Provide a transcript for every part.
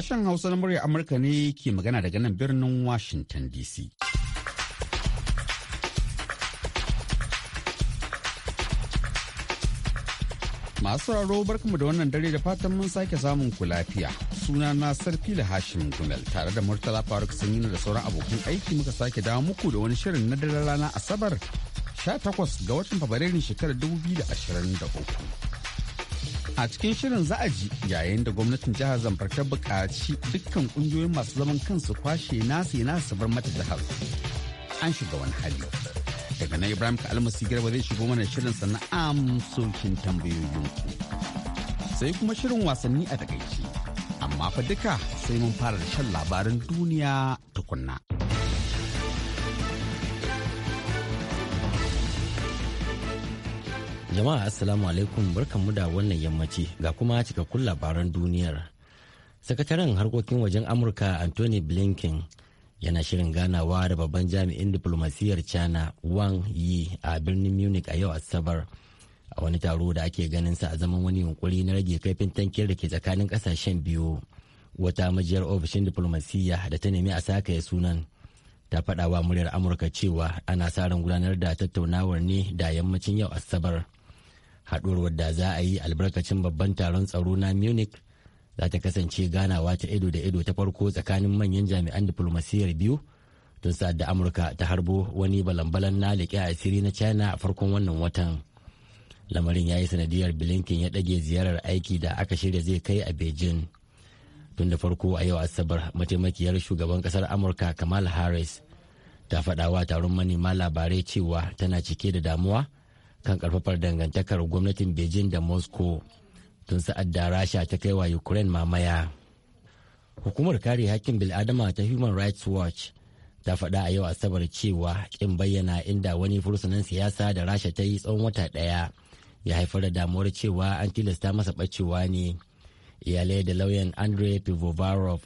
Sashen Hausa na murya Amurka ne ke magana daga nan birnin Washington DC. Masu raro barkamu da wannan dare da fatan mun sake samun ku lafiya. Suna na da Hashim Gumel tare da Murtala Faruk Sanyi da sauran abokan aiki muka sake dawo muku da wani shirin na daren rana Asabar 18 ga watan Fabrairun shekarar 2023. A cikin shirin za a ji yayin da gwamnatin jihar Zamfara ta buƙaci dukkan ƙungiyoyin masu zaman kansu kwashe nasu yana su bar mata jihar. An shiga wani hali. Daga nan Ibrahim almasi Garba zai shigo mana shirin na amsokin tambayoyin. Sai kuma shirin wasanni a takaici. Amma fa duka sai mun fara da shan labarin duniya tukunna. Jama'a Assalamu alaikum barkanmu da wannan yammaci ga kuma cikakkun labaran duniyar. Sakataren harkokin wajen Amurka Anthony Blinken yana shirin ganawa da babban jami'in diplomasiyyar China Wang Yi a birnin Munich a yau Asabar. a wani taro da ake ganin sa a zaman wani yunkuri na rage kaifin tankin da ke tsakanin kasashen biyu wata majiyar ofishin diplomasiyya da ta nemi a saka ya sunan ta faɗa muryar amurka cewa ana sa ran gudanar da tattaunawar ne da yammacin yau asabar haɗuwar wadda za a yi albarkacin babban taron tsaro na munich za ta kasance ganawa ta ido da ido ta farko tsakanin manyan jami'an diflomasiyyar biyu tun sa'ad da amurka ta harbo wani balan-balan na leƙe asiri na china a farkon wannan watan lamarin ya yi sanadiyar bilinkin ya ɗage ziyarar aiki da aka shirya zai kai a beijing tun da farko a yau asabar mataimakiyar shugaban kasar amurka kamal harris ta faɗawa taron manema labarai cewa tana cike da damuwa kan karfafar dangantakar gwamnatin beijing da moscow tun sa'ad da rasha ta kai wa ukraine mamaya hukumar kare hakkin bil'adama ta human rights watch ta faɗa a yau asabar cewa ƙin bayyana inda wani fursunan siyasa da rasha ta yi tsawon wata ɗaya ya haifar da damuwar cewa an tilasta masa ɓacewa ne iyalai da lauyan Andrey pivovarov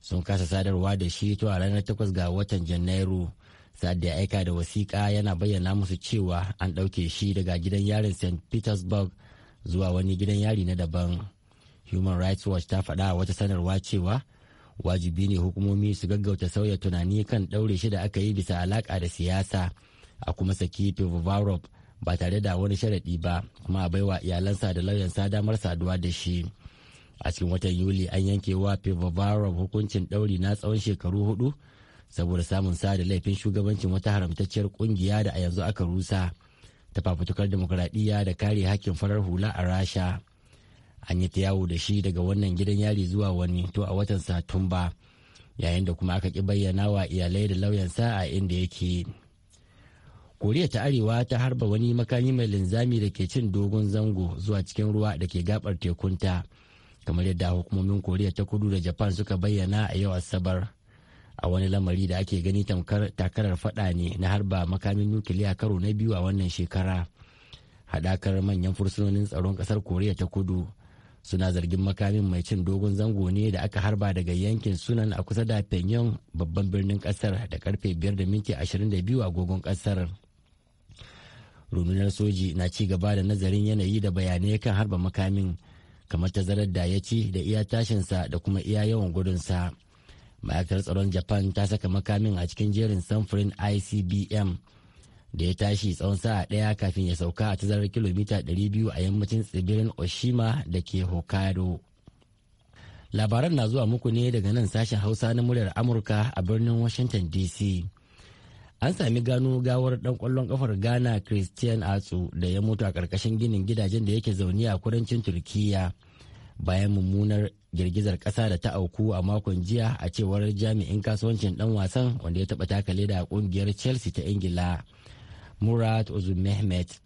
sun kasa sadarwa da shi to a ranar 8 ga watan janairu sa'ad da ya aika da wasiƙa yana bayyana musu cewa an ɗauke shi daga gidan yarin st petersburg zuwa wani gidan yari na daban human rights watch ta faɗa a wata sanarwa cewa wajibi ne hukumomi su gaggauta sauya tunani kan ɗaure shi da aka yi bisa alaƙa da siyasa a kuma saki pivovarov ba tare da wani sharaɗi ba kuma a baiwa iyalansa da lauyansa damar saduwa da shi a cikin watan yuli an yankewa wa pivovarov hukuncin ɗauri na tsawon shekaru hudu saboda samun sa da laifin shugabancin wata haramtacciyar kungiya da a yanzu aka rusa ta fafutukar demokuraɗiyya da kare hakkin farar hula a rasha an yi ta yawo da shi daga wannan gidan yari zuwa wani to a watan satumba yayin da kuma aka ki bayyana wa iyalai da lauyansa a inda yake koriya ta arewa ta harba wani makami mai linzami da ke cin dogon zango zuwa cikin ruwa da ke gabar tekunta kamar yadda hukumomin koriya ta kudu da japan suka bayyana a yau asabar a wani lamari da ake gani takarar fada ne na harba makamin nukiliya karo na biyu a wannan shekara hadakar manyan fursunonin tsaron kasar koriya ta kudu suna zargin makamin mai cin dogon zango ne da aka harba daga yankin sunan a kusa da pyongyang babban birnin kasar da karfe 5 da minti 22 agogon kasar rundunar soji na ci gaba da nazarin yanayi da bayanai kan harba makamin kamar tazarar da ya ci da iya tashinsa da kuma iya yawan gudunsa ma'aikatar tsaron japan ta saka makamin a cikin jerin samfurin icbm da ya tashi tsawon sa'a ɗaya kafin ya sauka a tazarar kilomita 200 a yammacin tsibirin oshima da ke hokkaido labaran na zuwa muku ne daga nan sashen hausa na muryar amurka a birnin washington dc an sami gano gawar dan kwallon kafar ghana christian atsu da ya mutu a karkashin ginin gidajen da yake zaune a kudancin turkiyya bayan mummunar girgizar ƙasa da ta auku a makon jiya a cewar jami'in kasuwancin dan wasan wanda ya taba taka leda a kungiyar chelsea ta ingila murat mehmet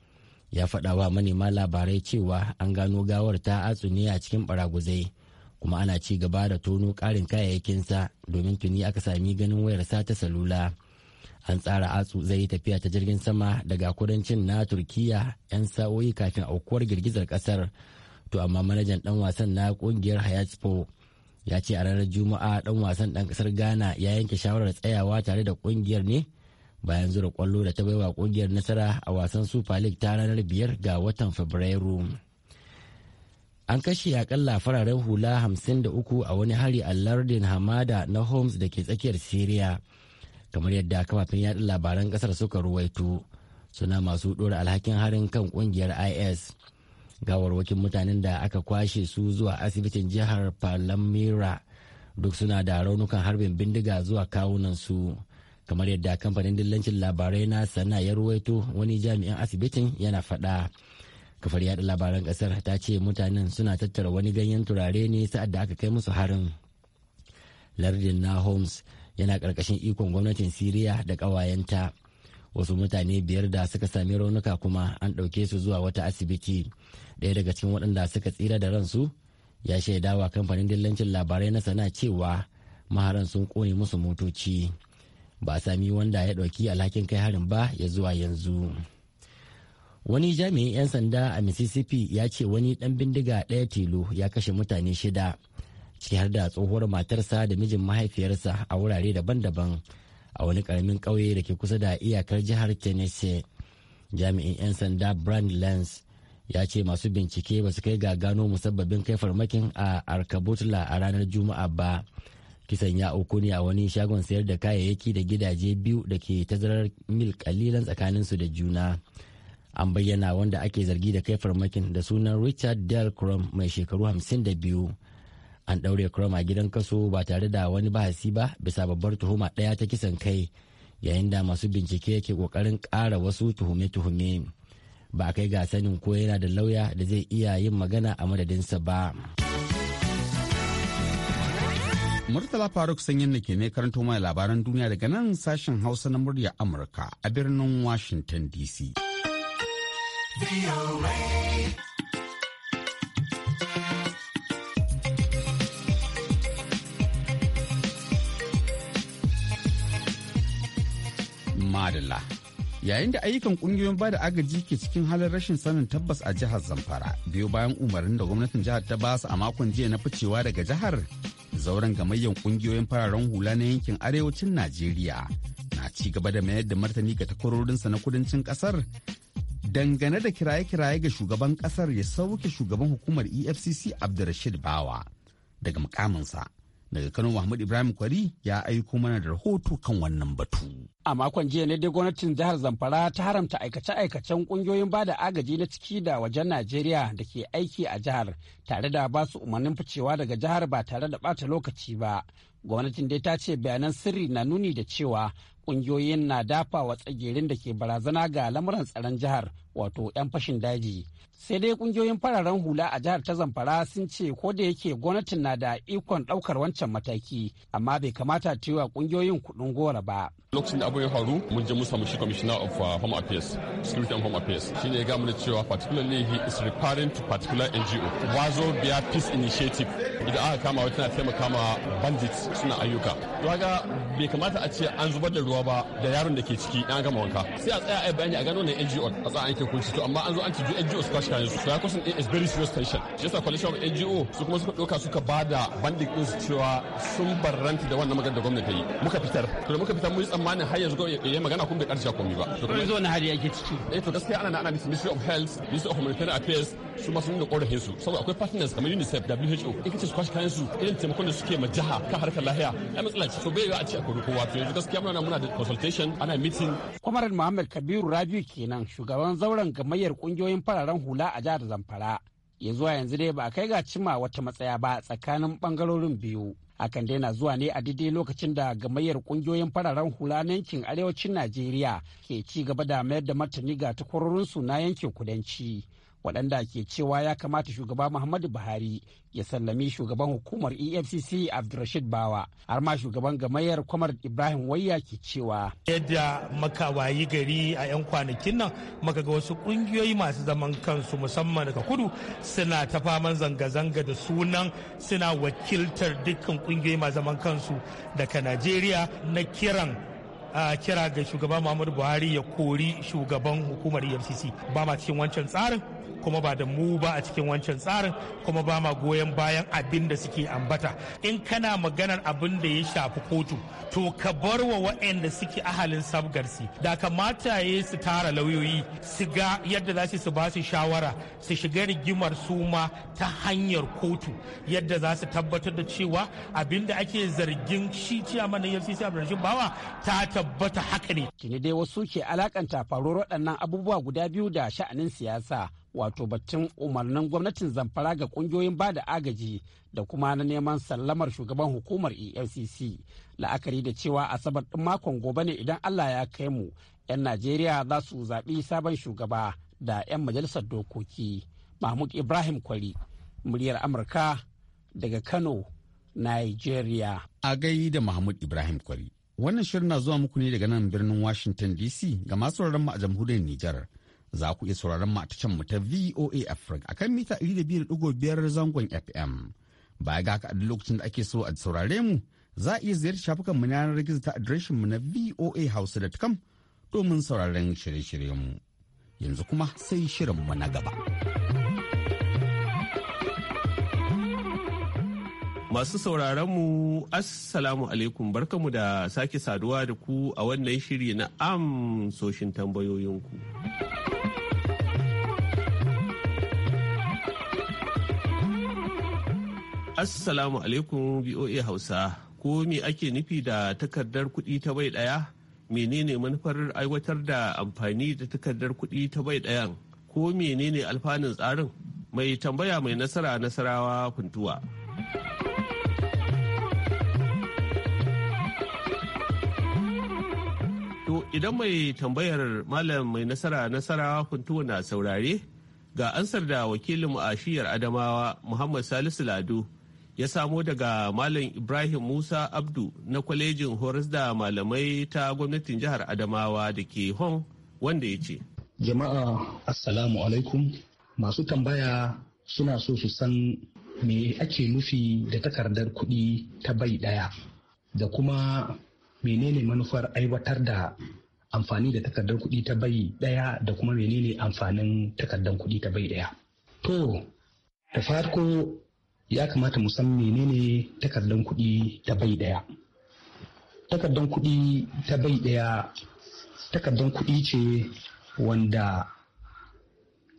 ya faɗa wa manema labarai cewa an gano gawar ta atsu ne a cikin baraguzai kuma ana ci gaba da tono ƙarin kayayyakinsa domin tuni aka sami ganin wayarsa ta salula an tsara atsu zai yi tafiya ta jirgin sama daga kudancin na turkiya 'yan sa'o'i kafin aukuwar girgizar kasar. to amma manajan dan wasan na kungiyar hayatspor ya ce a ranar juma'a dan wasan dan kasar ghana ya yanke shawarar tsayawa tare da kungiyar ne bayan zura kwallo da ta baiwa kungiyar nasara a wasan super league ta ranar biyar ga watan fabrairu an kashe akalla fararen hula 53 a wani hari a lardin hamada na homs da ke tsakiyar syria kamar yadda kafafen yaɗa labaran kasar suka ruwaito suna masu dora alhakin harin kan kungiyar is gawarwakin mutanen da aka kwashe su zuwa asibitin jihar palamira duk suna da raunukan harbin bindiga zuwa kawunansu kamar yadda kamfanin dillancin labarai na sana ya ruwaito wani jami'in asibitin yana faɗa kafar yada labaran kasar ta ce mutanen suna tattara wani ganyen turare ne sa'ad da aka kai musu harin lardin na homs yana ƙarƙashin ikon gwamnatin siriya da ƙawayenta wasu mutane biyar da suka sami raunuka kuma an ɗauke su zuwa wata asibiti ɗaya daga cikin waɗanda suka tsira da ransu ya shaidawa kamfanin dillancin labarai na sana cewa maharan sun kone musu motoci ba a sami wanda ya ɗauki alhakin kai harin ba ya zuwa yanzu wani jami'in 'yan sanda a mississippi ya ce wani ɗan bindiga ɗaya tilo ya kashe mutane shida ciki har da tsohuwar matarsa da mijin mahaifiyarsa a wurare daban-daban a wani karamin ƙauye da ke kusa da iyakar jihar tennessee jami'in 'yan sanda brand lens ya ce masu bincike ba su kai ga gano musabbabin kai farmakin a arkabutla a ranar juma'a ba kisan ya auku ne a wani shagon sayar da kayayyaki da gidaje biyu da ke tazarar mil kalilan tsakaninsu da juna an bayyana wanda ake zargi da kai farmakin da sunan richard del mai shekaru 52 an ɗaure Crom a gidan kaso ba tare da wani bahasi ba bisa babbar tuhuma ɗaya ta kisan kai yayin da masu bincike ke ƙoƙarin ƙara wasu tuhume-tuhume ba a kai ga sanin ko yana da lauya da zai iya yin magana a madadinsa ba. Murtala Faruk sanyin da ke ne karanto mai labaran duniya daga nan sashen Hausa na murya Amurka a birnin Washington DC. Madalla. Yayin da ayyukan kungiyoyin ba da agaji ke cikin halin rashin sanin tabbas a jihar Zamfara, biyo bayan umarnin da gwamnatin jihar ta ba su a makon jiya na ficewa daga jihar, zauren gamayyan kungiyoyin fararen hula na yankin arewacin Najeriya na ci gaba da mayar da martani ga takwarorinsa na kudancin kasar dangane da kiraye-kiraye ga shugaban kasar ya sauke shugaban hukumar EFCC Abdulrashid Bawa daga mukaminsa daga kano mahmud ibrahim kwari ya aiko mana da rahoto kan wannan batu a makon jiya ne dai gwamnatin jihar zamfara ta haramta aikace-aikacen kungiyoyin bada agaji na ciki da wajen najeriya da ke aiki a jihar tare da ba su umarnin ficewa daga jihar ba tare da bata lokaci ba gwamnatin dai ta ce bayanan sirri na nuni da cewa kungiyoyin na dafa wa tsagerin da ke barazana ga lamuran tsaron jihar wato 'yan fashin daji sai dai kungiyoyin fararen hula a jihar ta zamfara sun ce ko da yake gwamnatin na da ikon daukar wancan mataki amma bai kamata ta yi kungiyoyin kudin gora ba lokacin da abu ya faru mun je musamman mushi shi commissioner of uh, home affairs security and home affairs shine ya ga mana cewa particularly he is referring to particular ngo wazo biya peace initiative idan aka kama wata na taimaka ma bandits suna ayyuka to ga bai kamata a ce an zubar da ruwa ba da yaron da ke ciki an gama wanka sai a tsaya a bayani a gano ne ngo a tsaya hukunci to amma an zo an ci NGO su kwashi kayan su ya kusan is very serious tension shi yasa coalition of NGO su kuma suka doka suka bada banding din su cewa sun barranti da wannan magana da gwamnati yi muka fitar to da muka fitar mun yi tsammanin har yanzu ya magana kuma bai karshe komai ba to kuma zo na hari yake ciki eh to gaskiya ana ana Ministry of Health Ministry of Humanitarian Affairs su ma da korafin su saboda akwai partners kamar UNICEF WHO in ce su kwashi kayan su irin taimakon da suke ma jiha ka harkar lahiya ai matsala ce so bai a ce akwai kowa to yanzu gaskiya muna muna da consultation ana meeting Kwamaran Muhammad Kabiru Rabiu kenan shugaban zauren gamayyar kungiyoyin fararen hula a jihar Zamfara ya zuwa yanzu dai ba a kai ga cima wata matsaya ba tsakanin bangarorin biyu dai na zuwa ne a daidai lokacin da gamayyar kungiyoyin fararen hula na yankin arewacin najeriya ke ci gaba da mayar da martani ga takwarorinsu na yankin kudanci waɗanda ke cewa ya kamata shugaba muhammadu buhari ya sallami shugaban hukumar efcc abdulrashid bawa har ma shugaban gamayyar kwamar ibrahim wayya ke cewa yadda maka wayi gari a 'yan kwanakin nan maka ga wasu ƙungiyoyi masu zaman kansu musamman daga kudu suna ta faman zanga-zanga da sunan suna wakiltar dukkan ƙungiyoyi masu zaman kansu daga najeriya na kiran kira ga shugaban muhammadu buhari ya kori shugaban hukumar efcc ba ma cikin wancan tsarin kuma ba da mu ba a cikin wancan tsarin kuma ba ma goyon bayan abin da suke ambata in kana maganar abin da ya shafi kotu to ka bar wa waɗanda suke ahalin sabgarsi da kamata ya su tara lauyoyi su ga yadda za su ba su shawara su shiga rigimar su ma ta hanyar kotu yadda za su tabbatar da cewa abin da ake zargin shi ciya mana yarsi e bawa ta tabbata haka ne. Tuni dai wasu ke alakanta faruwar waɗannan abubuwa guda biyu da sha'anin siyasa wato batun umarnin gwamnatin zamfara ga ƙungiyoyin ba da agaji da kuma na neman sallamar shugaban hukumar efcc la'akari da cewa asabar ɗin makon gobe ne idan allah ya kai mu 'yan najeriya za su zaɓi sabon shugaba da 'yan majalisar dokoki mahmud ibrahim kwari muryar amurka daga kano nigeria a gai da mahmud ibrahim kwari Wannan shirin na zuwa muku ne daga nan birnin Washington DC ga masu sauraron mu a jamhuriyar Nijar. Za ku iya sauraron mu a can mu ta VOA Africa akan mita 200.5 zangon FM. Baya ga haka a lokacin da ake so a saurare mu za a iya ziyarci shafukan mu na yanar gizo ta adireshin mu na voa hausa voahausa.com domin sauraron shirye-shiryen mu. Yanzu kuma sai shirin mu na gaba. Masu sauraron mu Assalamu alaikum barkamu da sake saduwa da ku a wannan shiri na amsoshin tambayoyinku. Assalamu alaikum BOA Hausa, ko me ake nufi da takardar kuɗi ta bai ɗaya? Menene manufar aiwatar da amfani da takardar kuɗi ta bai ɗayan? Ko menene alfanun tsarin? Mai tambaya mai nasara nasarawa funtuwa. idan mai tambayar malam mai nasara nasara kuntuwa na saurare ga ansar da wakilin a shiyar adamawa muhammad salisu lado ya samo daga malam ibrahim musa abdu na kwalejin horas da malamai ta gwamnatin jihar adamawa da ke hon wanda ya ce jama'a assalamu alaikum masu tambaya suna so su san me ake nufi da takardar kuɗi ta bai ɗaya da kuma menene manufar aiwatar da amfani da takardar kuɗi ta bai ɗaya da kuma menene amfanin takardar kuɗi ta bai ɗaya. To, da farko ya kamata mu san menene takardar kuɗi ta bai ɗaya. Takardar kuɗi ta bai ɗaya takardar kuɗi ce wanda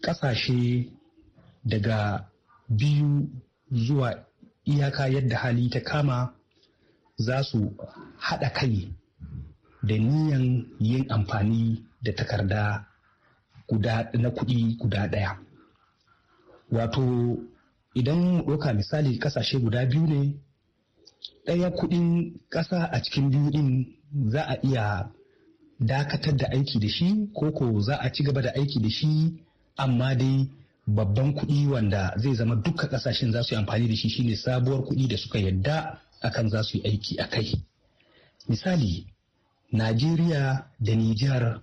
ƙasashe daga biyu zuwa iyaka yadda hali ta kama za su haɗa kai da niyan yin amfani da takarda na kuɗi guda ɗaya wato idan mu ɗauka misali ƙasashe guda biyu ne ɗaya kuɗin ƙasa a cikin biyu ɗin za a iya dakatar da aiki da shi koko za a ci gaba da aiki da shi amma dai babban kuɗi wanda zai zama duka ƙasashen za su yi amfani da shi shine sabuwar kuɗi da suka yadda akan za su yi aiki a kai misali Najeriya da Nijar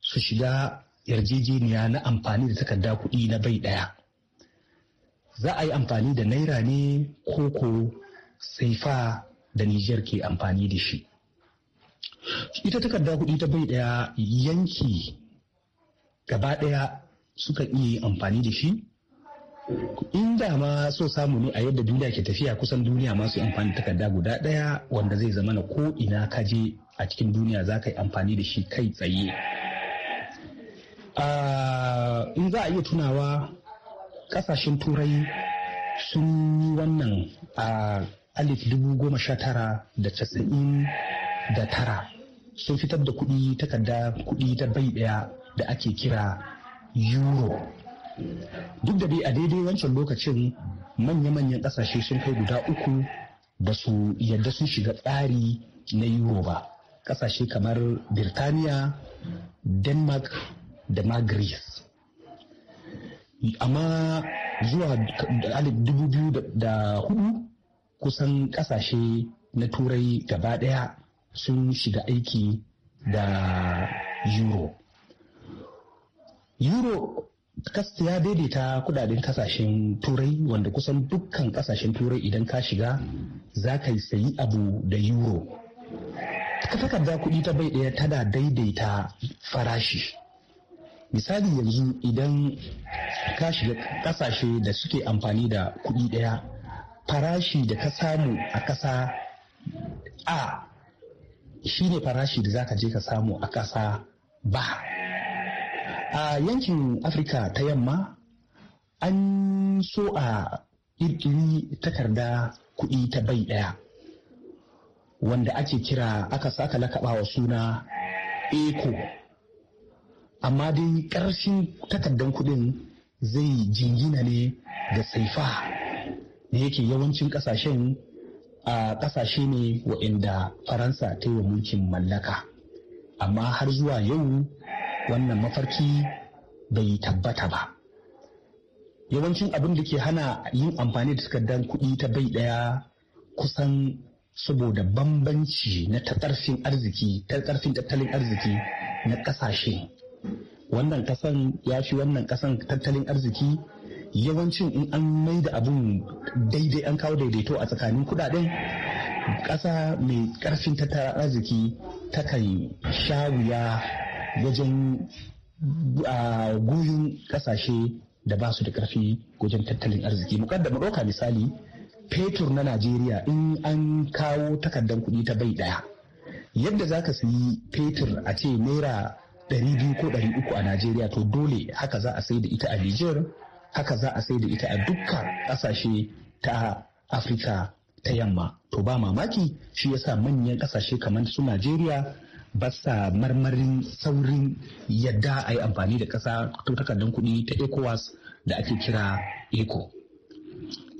su shiga yarjejeniya na amfani da takarda kuɗi na bai ɗaya. Za a yi amfani da naira ne ko koko saifa da Nijar ke amfani da shi. Ita takarda kuɗi ta bai ɗaya yanki gaba ɗaya suka iya amfani da shi inda ma so samu ne a yadda duniya ke tafiya kusan duniya masu amfani takarda guda ɗaya wanda zai zama ko ina kaje a cikin duniya za ka yi amfani da shi kai tsaye ah, in za a iya tunawa kasashen turai sun yi wannan a ah, alif dubu goma sha tara da casa'in da tara sun fitar da kuɗi takarda kuɗi ta bai daya da ake kira euro duk da dai a daidai wancan lokacin manya-manyan kasashe sun kai guda uku da su yadda sun shiga tsari na euro ba kasashe kamar birtaniya denmark da ma greece amma zuwa 2004 kusan kasashe na turai gaba daya sun shiga aiki da euro euro ya daidaita kudaden kasashen turai wanda kusan dukkan kasashen turai idan ka shiga za ka yi sayi abu da euro takarda kuɗi ta bai ɗaya tana daidaita farashi misali yanzu idan ka shiga ƙasashe da suke amfani da kuɗi ɗaya farashi da ka samu a ƙasa a shine farashi da za ka je ka samu a ƙasa ba a yankin afirka ta yamma an so a irkiri takarda kuɗi ta bai ɗaya wanda ake kira aka saka lakaba wa suna Eko. amma dai ƙarshen takardan kuɗin zai jingina ne da saifa da yake yawancin ƙasashen a ƙasashe ne waɗanda faransa ta yi wa mulkin mallaka amma har zuwa yau wannan mafarki bai tabbata ba yawancin abin da ke hana yin amfani da takardan kuɗi ta bai ɗaya kusan saboda bambanci na ta ƙarfin arziki ta ƙarfin tattalin arziki na ƙasashe. wannan ƙasan ya fi wannan ƙasan tattalin arziki yawancin in an mai da abun daidai an kawo daidaito a tsakanin kudaden ƙasa mai ƙarfin tattalin arziki takan sha wuya wajen goyon ƙasashe da ba su da ƙarfi wajen tattalin arziki mu ɗauka misali fetur na najeriya in an kawo takardar kuɗi ta bai ɗaya yadda za ka sayi fetur a ce naira ɗari biyu ko ɗari uku a najeriya to dole haka za a sai da ita a niger haka za a sai da ita a dukka ƙasashe ta afirka ta yamma to ba mamaki shi yasa manyan ƙasashe kamar su najeriya ba sa marmarin saurin yadda a yi amfani da ƙasa to takardar kuɗi ta ecowas da ake kira eco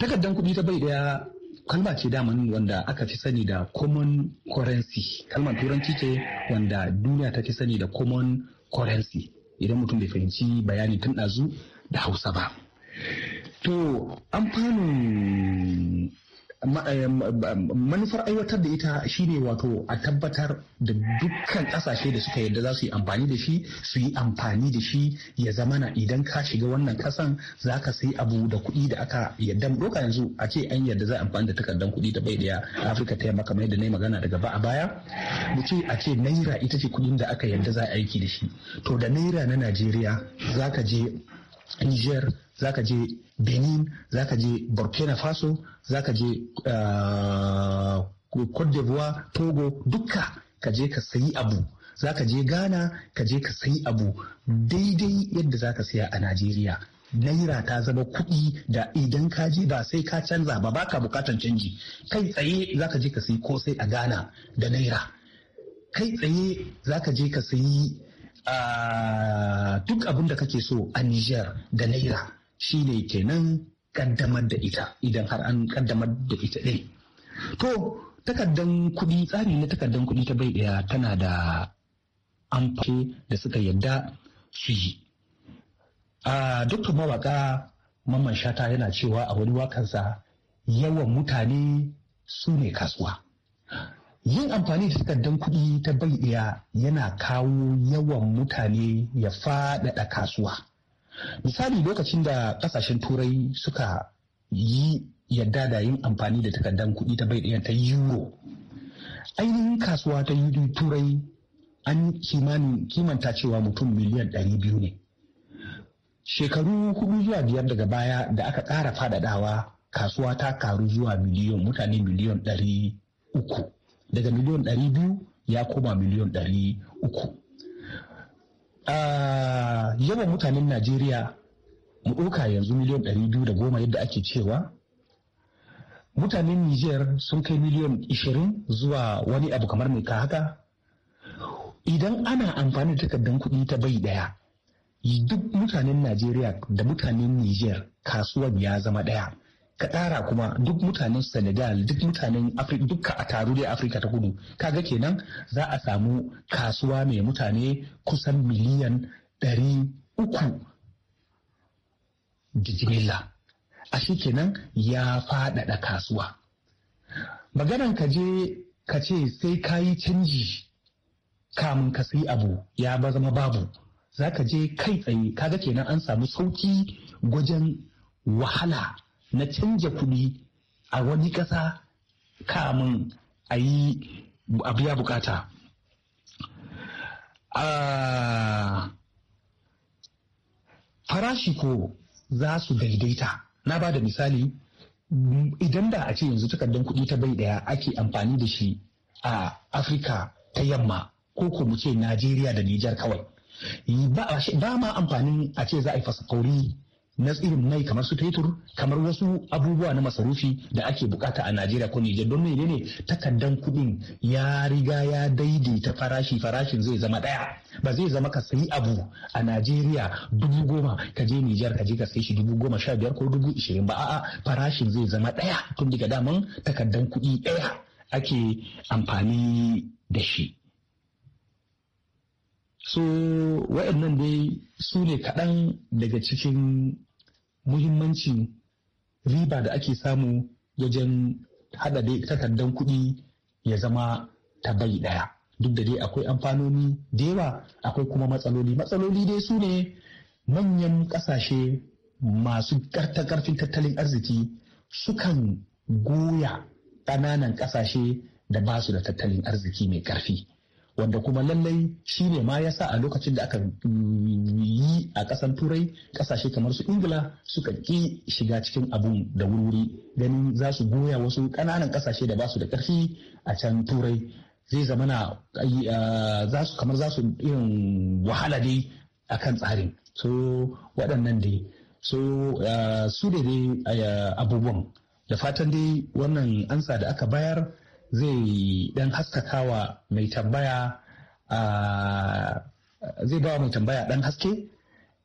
takardar kuɗi ta bai daya kalma ce daman wanda aka fi sani da common currency kalmar turanci ce wanda duniya ta fi sani da common currency idan mutum bai fahimci bayani tun ɗazu da hausa ba to an fano. Eh, manufar aiwatar da ita shine wato a tabbatar da dukkan kasashe da suka yarda za su yi amfani da shi su yi amfani da shi ya zamana idan ka shiga wannan kasan za ka sai abu da kuɗi da aka yarda doka yanzu a ce an yarda za a amfani da takardar kuɗi da bai daya afirka ta yamma kamar yadda na yi magana daga ba a baya mu ce a ce naira ita ce kuɗin da aka yarda za a aiki da shi to da naira na najeriya za ka je niger za ka je benin za ka je burkina faso za ka je ah, cote d'ivoire togo dukka ka je ka sayi abu Za ka je ghana ka je ka sayi abu daidai yadda za ka siya a najeriya naira ta zama kuɗi da idan ka je ba sai ka canza ba baka bukatan canji kai tsaye za ka je ka sayi ko sai a ghana da naira kai tsaye za ka je ka sayi ah, duk abin da kake so a niger da naira Shi ne kenan kaddamar da ita idan har an kaddamar da ita ɗin. To takardan kuɗi tsari na takardan kuɗi ta bai ɗaya tana da amfani da suka yadda su yi. A dukkan mawaka Mamman Shata yana cewa a wani wakansa yawan mutane su ne kasuwa. Yin amfani da takardan kuɗi ta bai ɗaya yana kawo yawan mutane ya faɗaɗa kasuwa. misali lokacin da kasashen turai suka yi yadda da yin amfani da takardan kuɗi ta bai ɗaya ta euro ainihin kasuwa ta turai an kimanin kimanta cewa mutum miliyan ɗari biyu ne shekaru hudu zuwa biyar daga baya da aka ƙara faɗaɗawa kasuwa ta karu zuwa miliyon mutane miliyon ɗari uku daga miliyon ɗari biyu ya koma miliyon ɗari uku Ah, yawan mutanen najeriya mu ɗauka yanzu miliyan ɗari biyu da goma yadda ake cewa mutanen niger sun kai miliyan ishirin zuwa wani abu kamar mai ka haka idan ana amfani da takardar kuɗi ta bai ɗaya duk mutanen najeriya da mutanen niger kasuwan ya zama ɗaya ka ɗara kuma duk mutanen senegal duk mutanen afirka duk a taru dai afirka ta kudu kaga kenan za a samu kasuwa mai mutane kusan miliyan ɗari uku a shi kenan ya faɗaɗa kasuwa maganan ka je ka ce sai ka yi canji kamun ka sai abu ya ba zama babu za ka je kai tsaye kaga kenan an samu sauki gwajen wahala na canja kuɗi a wani ƙasa kamun a yi a biya bukata. Farashi ko za su daidaita. Na ba da misali, idan da a ce yanzu takardar kuɗi ta bai ɗaya ake amfani da shi a Afirka ta yamma ko ko mu ce Najeriya da Nijar kawai. Ba ma amfanin a ce za a yi fasakori na tsirin mai kamar su fetur kamar wasu abubuwa na masarufi da ake bukata a najeriya ko nijar don ne takardan kuɗin ya riga ya daidaita farashi farashin zai zama ɗaya ba zai zama ka sayi abu a najeriya dubu goma ka je nijar ka je ka sayi shi dubu goma sha biyar ko dubu ishirin ba a'a farashin zai zama ɗaya tun daga daman takardan kuɗi ɗaya ake amfani da shi so waɗannan dai su ne kaɗan daga cikin muhimmancin riba da ake samu wajen haɗa dai takardar kuɗi ya zama ta bai ɗaya duk da dai akwai amfanoni da yawa akwai kuma matsaloli matsaloli dai su ne manyan ƙasashe masu ƙarfin tattalin arziki sukan goya ƙananan ƙasashe da ba su da tattalin arziki mai ƙarfi wanda kuma lallai shi ne ma yasa a lokacin da aka yi a ƙasan turai ƙasashe kamar su ingila suka ƙi shiga cikin abun da wuri ganin za su goya wasu ƙananan ƙasashe da ba su da ƙarfi a can turai zai zamana na kamar za su irin wahala dai a kan tsarin so waɗannan dai so su da dai abubuwan da fatan dai wannan ansa da aka bayar zai dan wa mai tambaya zai ba mai tambaya dan haske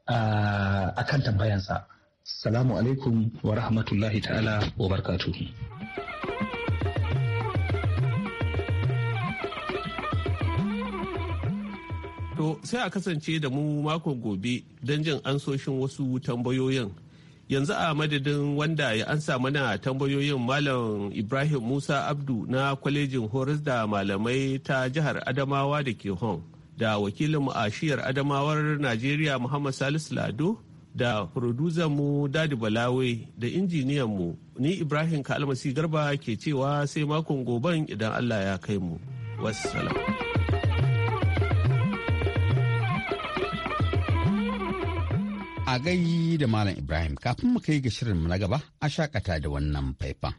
a kan tambayansa salamu alaikum wa rahmatullahi ta'ala wa barkatu to sai a kasance da mu mako gobe don jin ansoshin wasu tambayoyin yanzu a madadin wanda ya ansa mana tambayoyin malam ibrahim musa abdu na kwalejin horis da malamai ta jihar adamawa da ke hon da wakilin a adamawar najeriya muhammad salisu lado da mu dadi Balawai da injiniyanmu ni ibrahim kalmasi garba ke cewa sai makon goban idan allah ya kai mu Wasu wassalam a gai da Malam Ibrahim kafin mu kai ga mu na gaba a shakata da wannan faifan.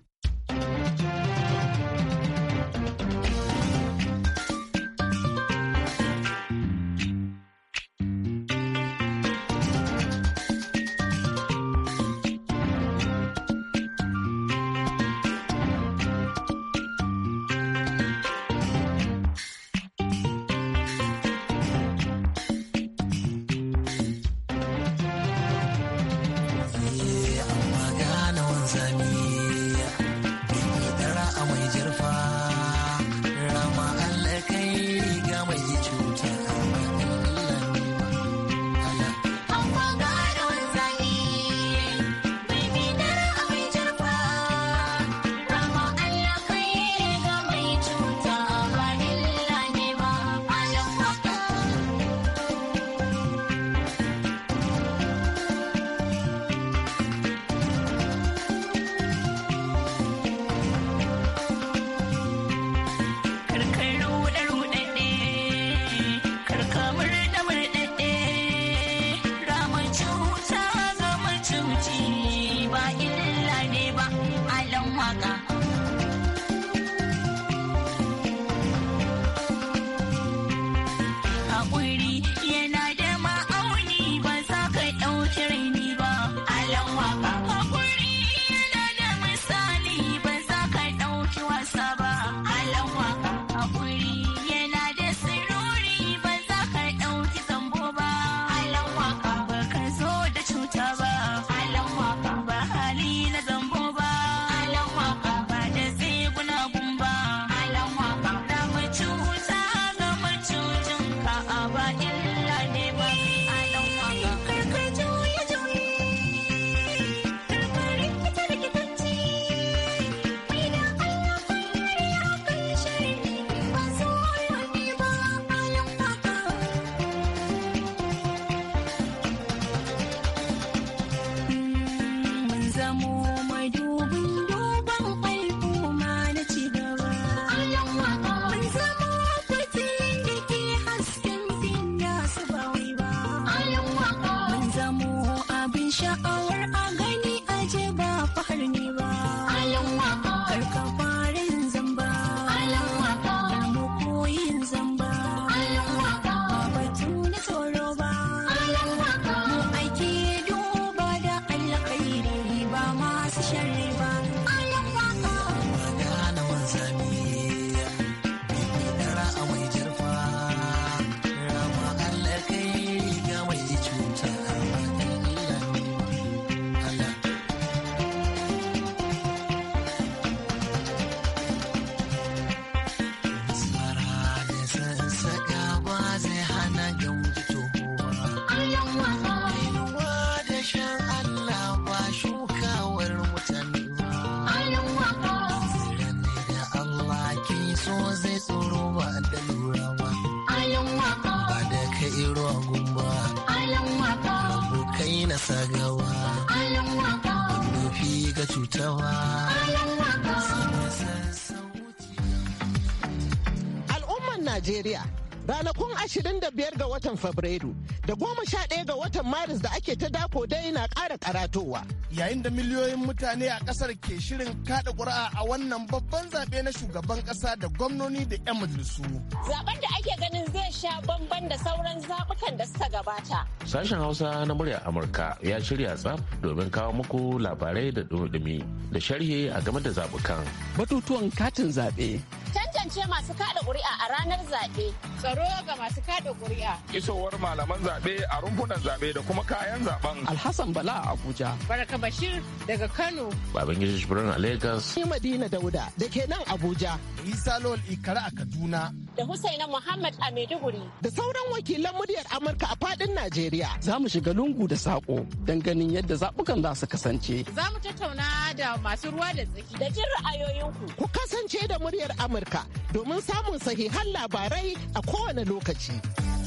ashirin da biyar ga watan Fabrairu da goma sha ɗaya ga watan Maris da ake ta dako na. karatowa yayin da miliyoyin mutane a ƙasar ke shirin kada ƙuri'a a wannan babban zaɓe na shugaban ƙasa da gwamnoni da 'yan majalisu. Zaben da ake ganin zai sha bamban da sauran zaɓukan da suka gabata. Sashen Hausa na murya Amurka ya shirya tsaf domin kawo muku labarai da dumi da sharhi a game da zaɓukan. Batutuwan katin zaɓe. Tantance masu kada ƙuri'a a ranar zaɓe. Tsaro ga masu kada ƙuri'a. Isowar malaman zaɓe a rumfunan zaɓe da kuma kayan zaɓen. Alhassan Bala Abuja. Baraka Bashir daga Kano. Babangida Shibirin a Lagos. Ni Madina Dauda da ke nan Abuja. Isa Lawal Ikara a Kaduna. Da Husaina Muhammad a Maiduguri. Da sauran wakilan muryar Amurka a fadin Najeriya. Za mu shiga lungu da saƙo don ganin yadda zaɓukan za su kasance. Za mu tattauna da masu ruwa da tsaki da jin ra'ayoyinku. Ku kasance da muryar Amurka domin samun sahihan labarai a kowane lokaci.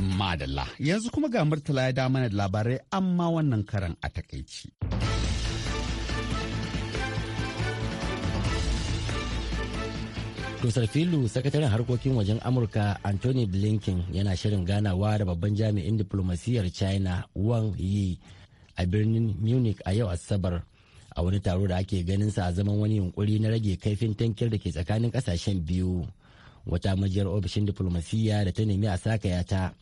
Madalla yanzu kuma ga Murtala ya da mana labarai amma wannan karan a takaici. Dr. filu sakataren harkokin wajen Amurka Anthony Blinken yana shirin ganawa da babban jami'in diplomasiyyar China Wang Yi a birnin Munich a yau Asabar a wani taro da ake ganin sa a zaman wani yunkuri na rage kaifin tankir da ke tsakanin kasashen biyu. Wata majiyar ofishin diplomasiyya da ta nemi a sakaya ta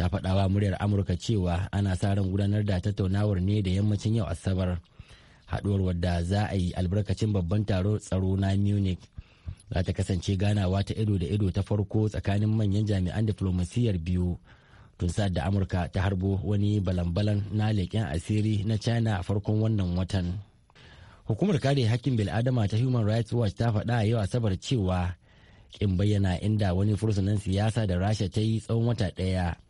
ta faɗawa muryar amurka cewa ana sa ran gudanar da tattaunawar ne da yammacin yau asabar haɗuwar wadda za a yi albarkacin babban taron tsaro na munich za ta kasance ganawa ta ido da ido ta farko tsakanin manyan jami'an diflomasiyyar biyu tun sa da amurka ta harbo wani balan-balan na leƙen asiri na china a farkon wannan watan hukumar kare hakkin bil'adama ta human rights watch ta faɗa a yau asabar cewa ƙin bayyana inda wani fursunan siyasa da rasha ta yi tsawon wata ɗaya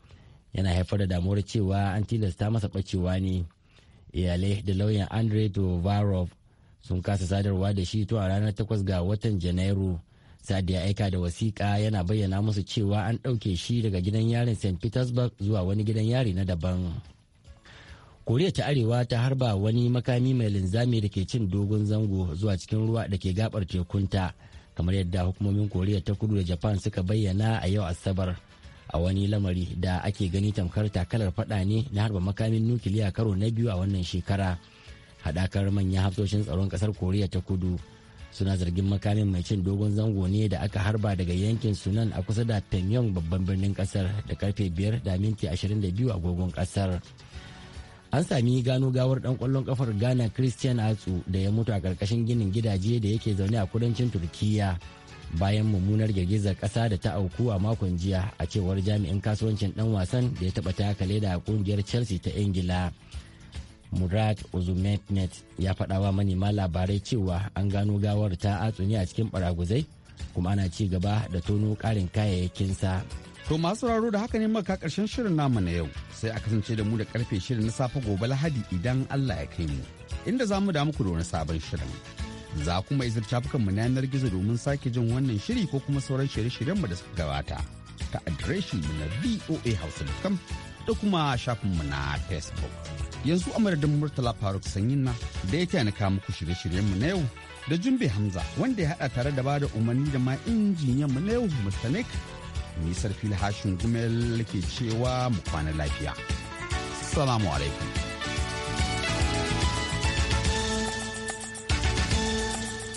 yana haifar da damuwar cewa an tilasta masa bacewa ne iyalai da lauyan andre tovarov sun kasa sadarwa da shi tun a ranar 8 ga watan janairu sadiya ya aika da wasiƙa yana bayyana musu cewa an ɗauke shi daga gidan yarin st petersburg zuwa wani gidan yari na daban koriya ta arewa ta harba wani makami mai linzami da ke cin dogon zango zuwa cikin ruwa da ke gabar tekunta kamar yadda hukumomin koriya ta kudu da japan suka bayyana a yau asabar a wani lamari da ake gani tamkar takalar fada ne na harba makamin nukiliya karo na biyu a wannan shekara hadakar manyan hafsoshin tsaron kasar koriya ta kudu suna zargin makamin mai cin dogon zango ne da aka harba daga yankin sunan a kusa da pyongyang babban birnin kasar da karfe 5 da minti 22 agogon kasar an sami gano gawar dan kwallon kafar ghana christian atsu da ya mutu a karkashin ginin gidaje da yake zaune a kudancin turkiyya. bayan mummunar girgizar kasa da ta auku a makon jiya a cewar jami'in kasuwancin dan wasan da ya taba takale da ƙungiyar chelsea ta ingila murad uzumetnet ya faɗawa manema labarai cewa an gano gawar ta atsuni a cikin baraguzai kuma ana ci gaba da tono ƙarin kayayyakinsa to masu raro da haka ne maka karshen shirin namu na yau sai a kasance da mu da karfe shirin na safe gobe lahadi idan allah ya kai mu inda za mu da ku da wani sabon shirin za kuma izir mu na yanar gizo domin sake jin wannan shiri ko kuma sauran shirye shiryen mu da suka gabata ta mu na hausa da kuma shafin mu na facebook yanzu amaradin murtala faruk sanyin na da ya na kawo muku shirye shiryen mu na yau da jumbe hamza wanda ya hada tare da bada umarni da ma injiniyan mu na yau nick nisar fil hashin gumel ke cewa mu kwana lafiya salamu alaikum